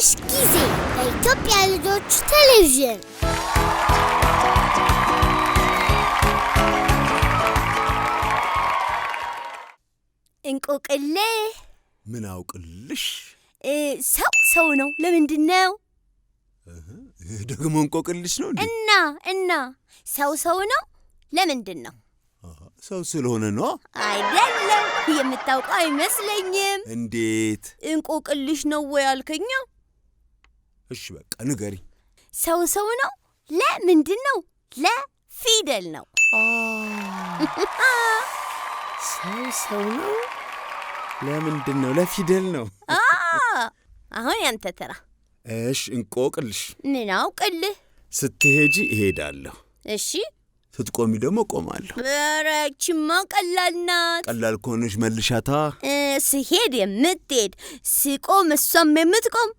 አዳነሽ ጊዜ በኢትዮጵያ ልጆች ቴሌቪዥን እንቆቅልህ ምን አውቅልሽ? ሰው ሰው ነው። ለምንድን ነው ደግሞ እንቆቅልሽ ነው እና እና ሰው ሰው ነው። ለምንድን ነው? ሰው ስለሆነ ነው። አይደለም፣ የምታውቀው አይመስለኝም። እንዴት እንቆቅልሽ ነው ወይ አልከኛ? እሺ በቃ ንገሪ። ሰው ሰው ነው። ለምንድን ነው? ለፊደል ነው። ሰው ሰው ነው። ለምንድን ነው? ለፊደል ነው። አሁን ያንተ ተራ። እሽ እንቆቅልሽ። ምን አውቅልህ? ስትሄጂ እሄዳለሁ። እሺ ስትቆሚ ደግሞ ቆማለሁ። ረችማ ቀላል ናት። ቀላል ከሆነች መልሻታ። ስሄድ የምትሄድ ስቆም እሷም የምትቆም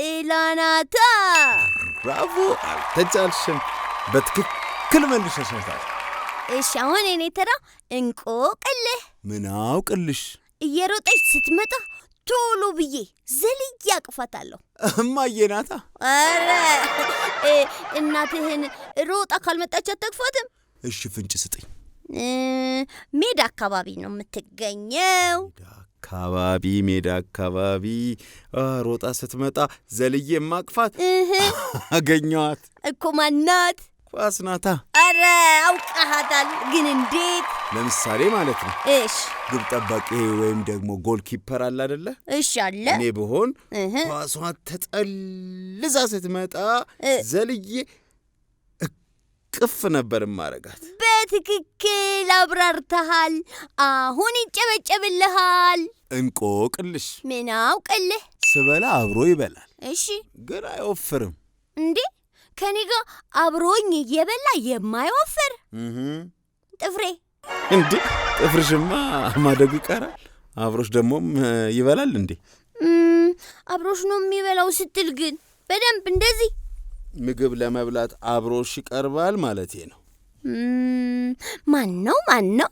ጥላናታ። ብራቮ! አልተቻልሽም። በትክክል መልሰሻታል። እሺ፣ አሁን እኔ ተራ እንቆቅልህ። ምን አውቅልሽ? እየሮጠች ስትመጣ ቶሎ ብዬ ዘልዬ አቅፋታለሁ። እማዬ ናታ። ኧረ እናትህን ሮጣ ካልመጣች አታግፋትም? እሺ ፍንጭ ስጠኝ። ሜዳ አካባቢ ነው የምትገኘው። አካባቢ ሜዳ አካባቢ ሮጣ ስትመጣ ዘልዬ ማቅፋት አገኘዋት እኮ ማናት? ኳስ ናታ። አረ አውቃሃታል፣ ግን እንዴት? ለምሳሌ ማለት ነው። እሽ ግብ ጠባቂ ወይም ደግሞ ጎል ኪፐር አለ አደለ? እሽ አለ። እኔ ብሆን ኳሷ ተጠልዛ ስትመጣ ዘልዬ እቅፍ ነበር ማረጋት። በትክክል አብራርተሃል። አሁን ይጨበጨብልሃል። እንቆቅልሽ ምን አውቅልህ? ስበላ አብሮ ይበላል። እሺ ግን አይወፍርም እንዴ? ከኔ ጋር አብሮኝ የበላ የማይወፍር ጥፍሬ እንዴ! ጥፍርሽማ ማደጉ ይቀራል። አብሮሽ ደግሞም ይበላል እንዴ? አብሮሽ ነው የሚበላው ስትል ግን በደንብ እንደዚህ ምግብ ለመብላት አብሮሽ ይቀርባል ማለት ነው። ማን ነው ማን ነው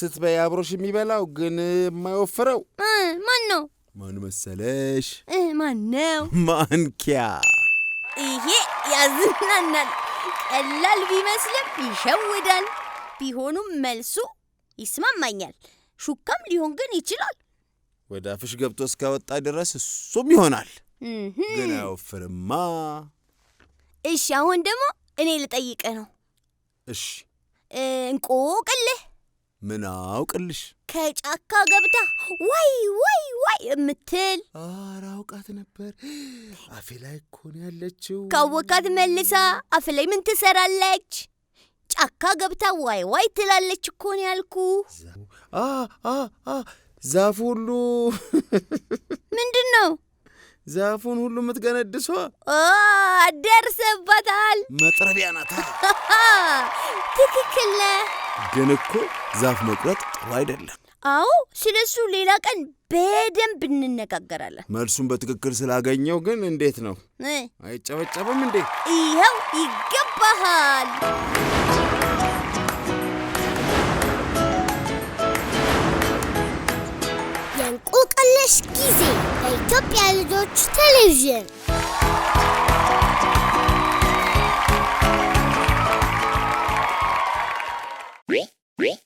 ስትበይ አብሮሽ የሚበላው ግን የማይወፍረው ማን ነው? ማን መሰለሽ? ማን ነው? ማንኪያ ያዝናናል። ቀላል ቢመስልም ይሸውዳል። ቢሆኑም መልሱ ይስማማኛል። ሹካም ሊሆን ግን ይችላል። ወደ አፍሽ ገብቶ እስካወጣ ድረስ እሱም ይሆናል፣ ግን አያወፍርማ። እሺ፣ አሁን ደግሞ እኔ ልጠይቅህ ነው። እሺ፣ እንቆቅልህ ምን አውቅልሽ ከጫካ ገብታ ወይ ወይ ወይ የምትል ኧረ አውቃት ነበር። አፌ ላይ እኮ ነው ያለችው። ካወቃት መልሳ አፍ ላይ ምን ትሰራለች? ጫካ ገብታ ዋይ ዋይ ትላለች እኮ ነው ያልኩ። ዛፉ ሁሉ ምንድን ነው? ዛፉን ሁሉ የምትገነድሷ ደርሰባታል። መጥረቢያ ናታ። ትክክል ነህ። ግን እኮ ዛፍ መቁረጥ ጥሩ አይደለም። አዎ፣ ስለ እሱ ሌላ ቀን በደንብ እንነጋገራለን። መልሱን በትክክል ስላገኘው ግን እንዴት ነው? አይጨበጨብም እንዴ? ይኸው ይገባሃል። የእንቆቅልሽ ጊዜ በኢትዮጵያ ልጆች ቴሌቪዥን Wink, wink.